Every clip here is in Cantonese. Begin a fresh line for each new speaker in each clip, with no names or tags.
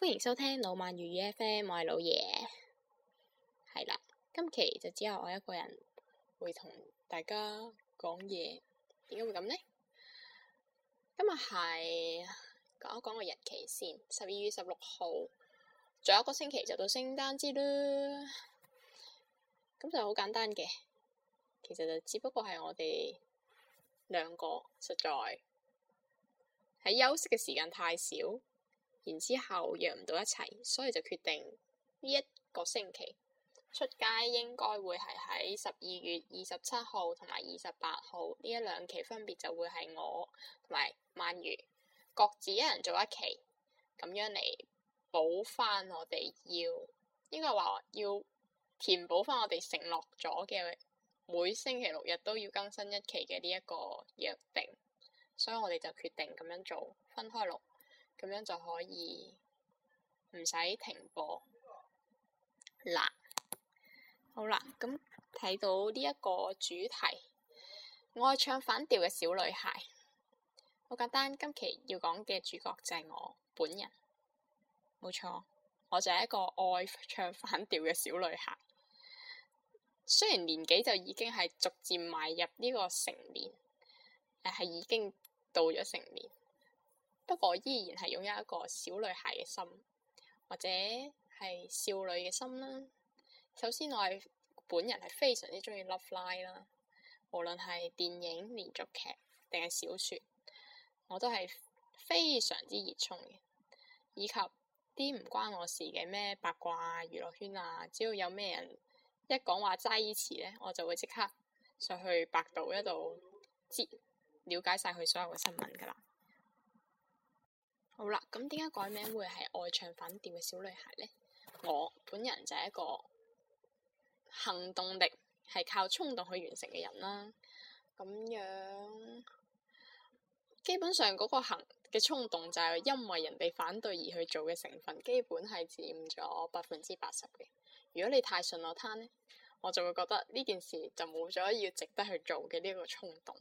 歡迎收聽老萬粵語 FM，我係老爺，係啦，今期就只有我一個人會同大家講嘢，點解會咁呢？今日係講一講個日期先，十二月十六號，仲有一個星期就到聖誕節啦，咁就好簡單嘅，其實就只不過係我哋兩個實在喺休息嘅時間太少。然之後約唔到一齊，所以就決定呢一個星期出街應該會係喺十二月二十七號同埋二十八號，呢一兩期分別就會係我同埋曼如各自一人做一期，咁樣嚟補翻我哋要應該話要填補翻我哋承諾咗嘅每星期六日都要更新一期嘅呢一個約定，所以我哋就決定咁樣做，分開錄。咁樣就可以唔使停播。嗱，好啦，咁睇到呢一個主題，愛唱反調嘅小女孩，好簡單。今期要講嘅主角就係我本人，冇錯，我就係一個愛唱反調嘅小女孩。雖然年紀就已經係逐漸邁入呢個成年，但係已經到咗成年。不過我依然係擁有一個小女孩嘅心，或者係少女嘅心啦。首先我係本人係非常之中意 Love Line 啦，無論係電影、連續劇定係小説，我都係非常之熱衷嘅。以及啲唔關我事嘅咩八卦啊、娛樂圈啊，只要有咩人一講話齋詞咧，我就會即刻上去百度一度知了解晒佢所有嘅新聞㗎啦。好啦，咁點解改名會係愛唱反調嘅小女孩呢？我本人就係一個行動力係靠衝動去完成嘅人啦。咁樣基本上嗰個行嘅衝動就係因為人哋反對而去做嘅成分，基本係佔咗百分之八十嘅。如果你太順我攤呢，我就會覺得呢件事就冇咗要值得去做嘅呢個衝動。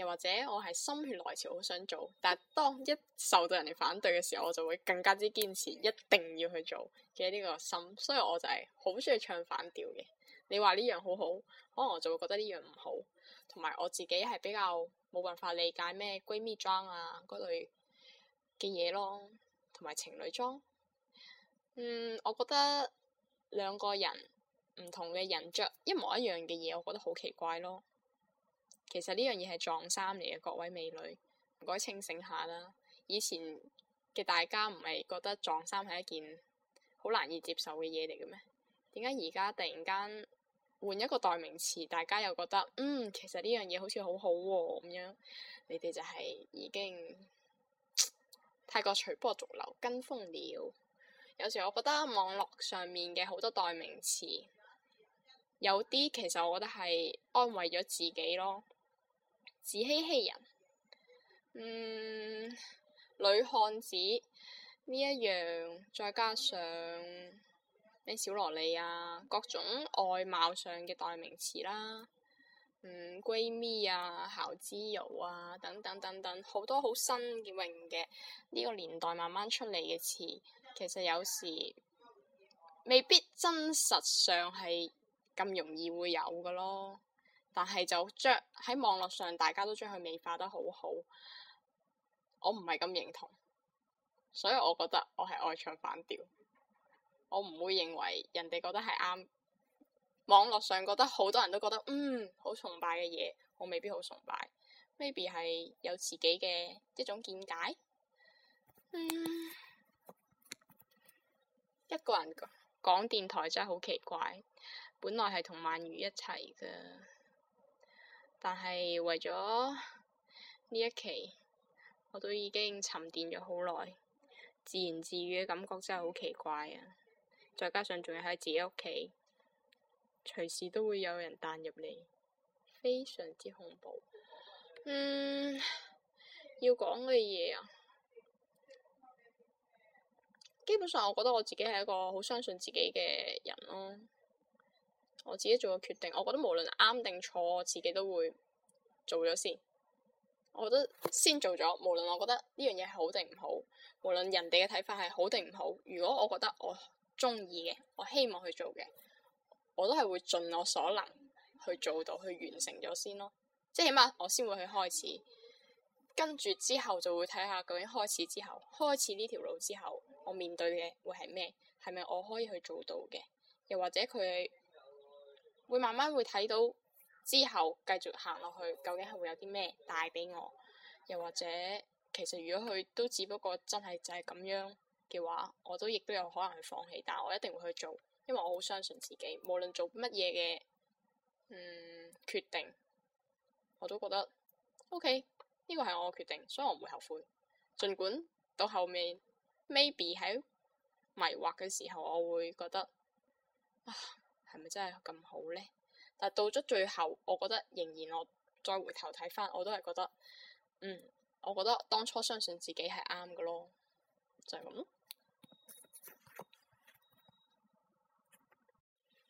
又或者我係心血來潮好想做，但係當一受到人哋反對嘅時候，我就會更加之堅持，一定要去做嘅呢個心，所以我就係好中意唱反調嘅。你話呢樣好好，可能我就會覺得呢樣唔好。同埋我自己係比較冇辦法理解咩、啊，閨蜜裝啊嗰類嘅嘢咯，同埋情侶裝。嗯，我覺得兩個人唔同嘅人着一模一樣嘅嘢，我覺得好奇怪咯。其實呢樣嘢係撞衫嚟嘅，各位美女，唔該清醒下啦。以前嘅大家唔係覺得撞衫係一件好難以接受嘅嘢嚟嘅咩？點解而家突然間換一個代名詞，大家又覺得嗯，其實呢樣嘢好似好好喎咁樣？你哋就係已經太過隨波逐流、跟風了。有時候我覺得網絡上面嘅好多代名詞，有啲其實我覺得係安慰咗自己咯。自欺欺人，嗯，女漢子呢一樣，再加上咩小蘿莉啊，各種外貌上嘅代名詞啦，嗯，閨蜜啊、姣之柔啊，等等等等，好多好新嘅用嘅呢個年代慢慢出嚟嘅詞，其實有時未必真實上係咁容易會有嘅咯。但係就將喺網絡上，大家都將佢美化得好好，我唔係咁認同，所以我覺得我係愛唱反調，我唔會認為人哋覺得係啱，網絡上覺得好多人都覺得嗯，好崇拜嘅嘢，我未必好崇拜，maybe 係有自己嘅一種見解。嗯，一個人講電台真係好奇怪，本來係同曼如一齊㗎。但係為咗呢一期，我都已經沉澱咗好耐，自言自語嘅感覺真係好奇怪啊！再加上仲要喺自己屋企，隨時都會有人彈入嚟，非常之恐怖。
嗯，
要講嘅嘢啊，基本上我覺得我自己係一個好相信自己嘅人咯啊。我自己做個決定，我覺得無論啱定錯，我自己都會做咗先。我覺得先做咗，無論我覺得呢樣嘢係好定唔好，無論人哋嘅睇法係好定唔好，如果我覺得我中意嘅，我希望去做嘅，我都係會盡我所能去做到，去完成咗先咯。即係起碼我先會去開始，跟住之後就會睇下究竟開始之後，開始呢條路之後，我面對嘅會係咩？係咪我可以去做到嘅？又或者佢？會慢慢會睇到之後繼續行落去，究竟係會有啲咩帶俾我？又或者，其實如果佢都只不過真係就係咁樣嘅話，我都亦都有可能去放棄。但我一定會去做，因為我好相信自己，無論做乜嘢嘅，嗯，決定我都覺得 OK，呢個係我嘅決定，所以我唔會後悔。盡管到後面 maybe 喺迷惑嘅時候，我會覺得啊～係咪真係咁好咧？但到咗最後，我覺得仍然我再回頭睇翻，我都係覺得，嗯，我覺得當初相信自己係啱嘅咯，就係、係、咁。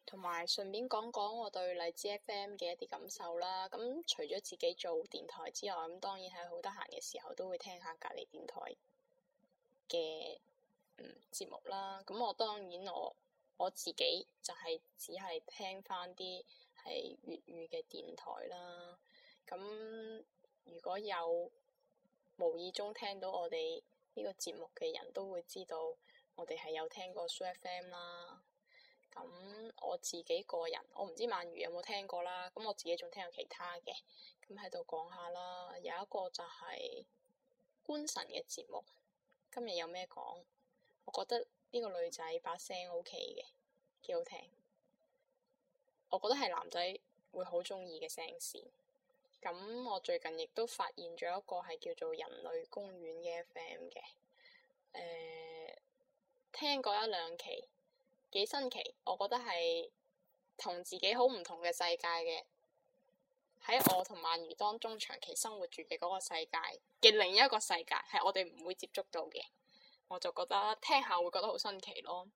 同埋 順便講講我對荔枝 F.M. 嘅一啲感受啦。咁除咗自己做電台之外，咁當然係好得閒嘅時候都會聽下隔離電台嘅嗯節目啦。咁我當然我。我自己就係只係聽翻啲係粵語嘅電台啦。咁如果有無意中聽到我哋呢個節目嘅人都會知道我哋係有聽過 Show FM 啦。咁我自己個人，我唔知曼如有冇聽過啦。咁我自己仲聽過其他嘅，咁喺度講下啦。有一個就係官神嘅節目，今日有咩講？我覺得。呢個女仔把聲 O.K. 嘅，幾好聽。我覺得係男仔會好中意嘅聲線。咁我最近亦都發現咗一個係叫做《人類公園》嘅 F.M. 嘅，誒聽過一兩期，幾新奇。我覺得係同自己好唔同嘅世界嘅，喺我同曼如當中長期生活住嘅嗰個世界嘅另一個世界，係我哋唔會接觸到嘅。我就覺得聽下會覺得好新奇咯，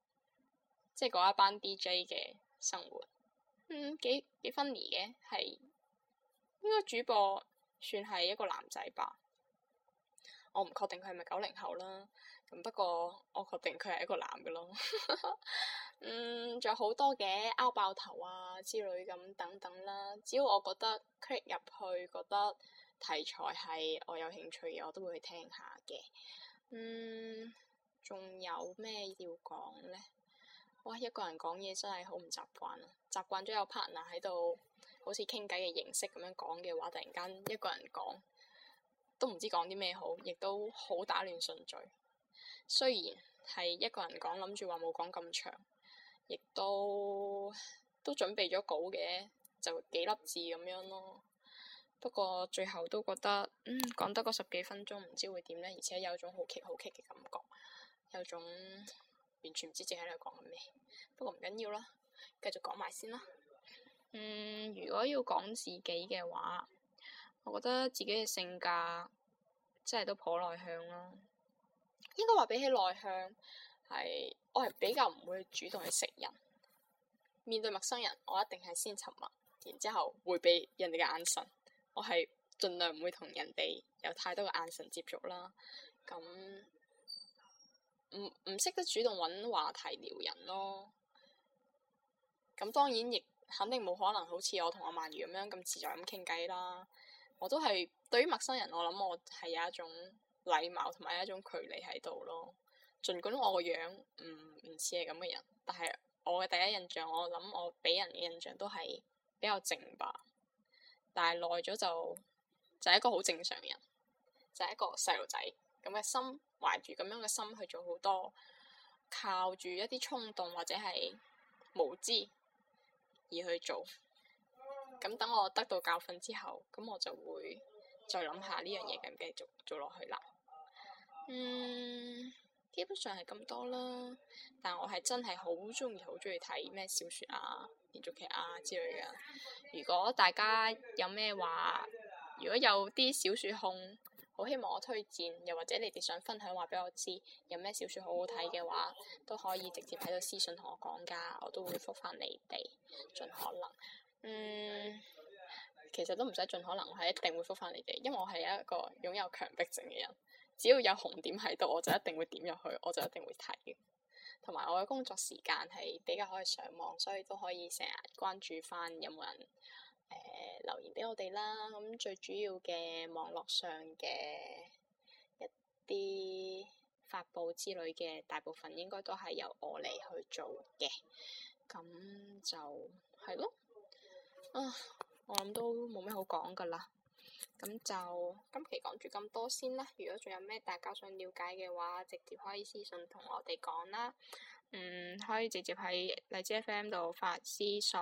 即係嗰一班 DJ 嘅生活，嗯，幾幾 funny 嘅，係應該主播算係一個男仔吧，我唔確定佢係咪九零後啦，咁不過我確定佢係一個男嘅咯， 嗯，仲有好多嘅拗爆頭啊之類咁等等啦，只要我覺得 click 入去覺得題材係我有興趣嘅，我都會去聽下嘅。嗯，仲有咩要講呢？哇，一個人講嘢真係好唔習慣啊！習慣咗有 partner 喺度，好似傾偈嘅形式咁樣講嘅話，突然間一個人講，都唔知講啲咩好，亦都好打亂順序。雖然係一個人講，諗住話冇講咁長，亦都都準備咗稿嘅，就幾粒字咁樣咯。不過最後都覺得、嗯、講得嗰十幾分鐘唔知會點呢，而且有種好奇好奇嘅感覺，有種完全唔知自己喺度講緊咩。不過唔緊要啦，繼續講埋先啦。嗯，如果要講自己嘅話，我覺得自己嘅性格即係都頗內向咯。應該話比起內向，係我係比較唔會主動去識人。面對陌生人，我一定係先沉默，然之後迴避人哋嘅眼神。我係盡量唔會同人哋有太多嘅眼神接觸啦，咁唔唔識得主動揾話題撩人咯。咁當然亦肯定冇可能好似我同阿曼如咁樣咁自在咁傾偈啦。我都係對於陌生人，我諗我係有一種禮貌同埋一種距離喺度咯。儘管我個樣唔唔似係咁嘅人，但係我嘅第一印象，我諗我俾人嘅印象都係比較靜吧。但係耐咗就就係、是、一個好正常人，就係、是、一個細路仔咁嘅心，懷住咁樣嘅心去做好多，靠住一啲衝動或者係無知而去做。咁等我得到教訓之後，咁我就會再諗下呢樣嘢，咁繼續做落去啦。嗯。基本上係咁多啦，但我係真係好中意、好中意睇咩小説啊、連續劇啊之類嘅。如果大家有咩話，如果有啲小説控，好希望我推薦，又或者你哋想分享話俾我知有咩小説好好睇嘅話，都可以直接喺度私信同我講㗎，我都會覆返你哋，盡可能。嗯，其實都唔使盡可能，我係一定會覆返你哋，因為我係一個擁有強迫症嘅人。只要有紅點喺度，我就一定會點入去，我就一定會睇嘅。同埋我嘅工作時間係比較可以上網，所以都可以成日關注返有冇人誒、呃、留言俾我哋啦。咁最主要嘅網絡上嘅一啲發布之類嘅，大部分應該都係由我嚟去做嘅。咁就係咯。啊，我諗都冇咩好講噶啦～咁就今期講住咁多先啦。如果仲有咩大家想了解嘅話，直接可以私信同我哋講啦。嗯，可以直接喺荔枝 FM 度發私信，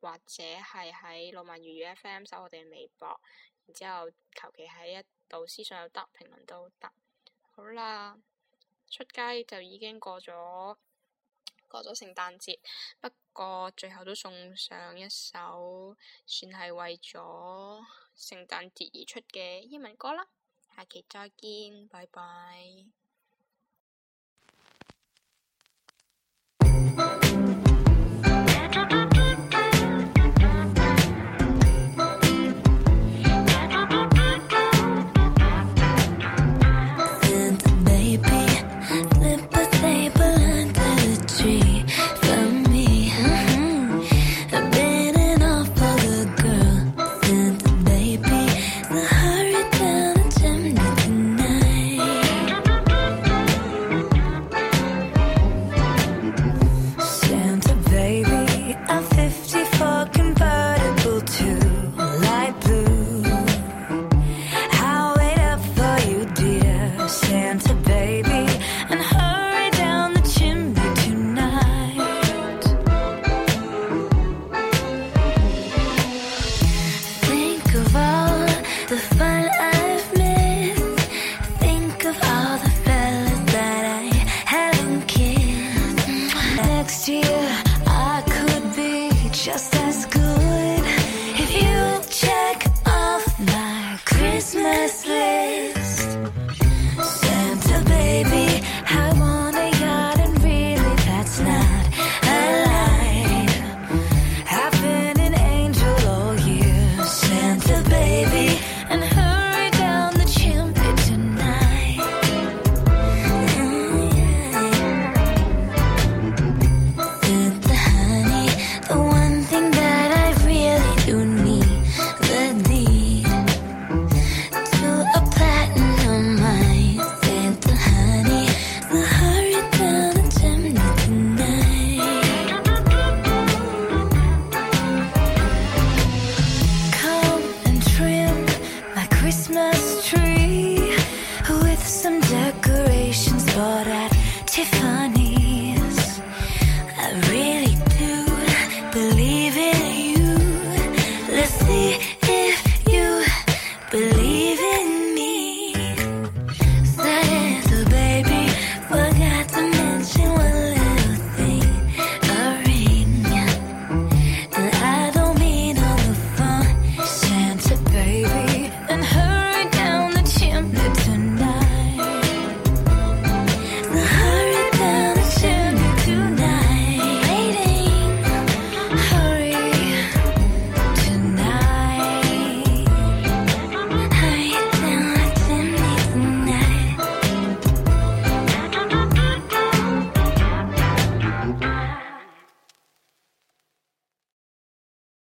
或者係喺老萬粵語 FM 搜我哋嘅微博。然之後求其喺一度私信又得，評論都得。好啦，出街就已經過咗。過咗聖誕節，不過最後都送上一首算係為咗聖誕節而出嘅英文歌啦。下期再見，拜拜。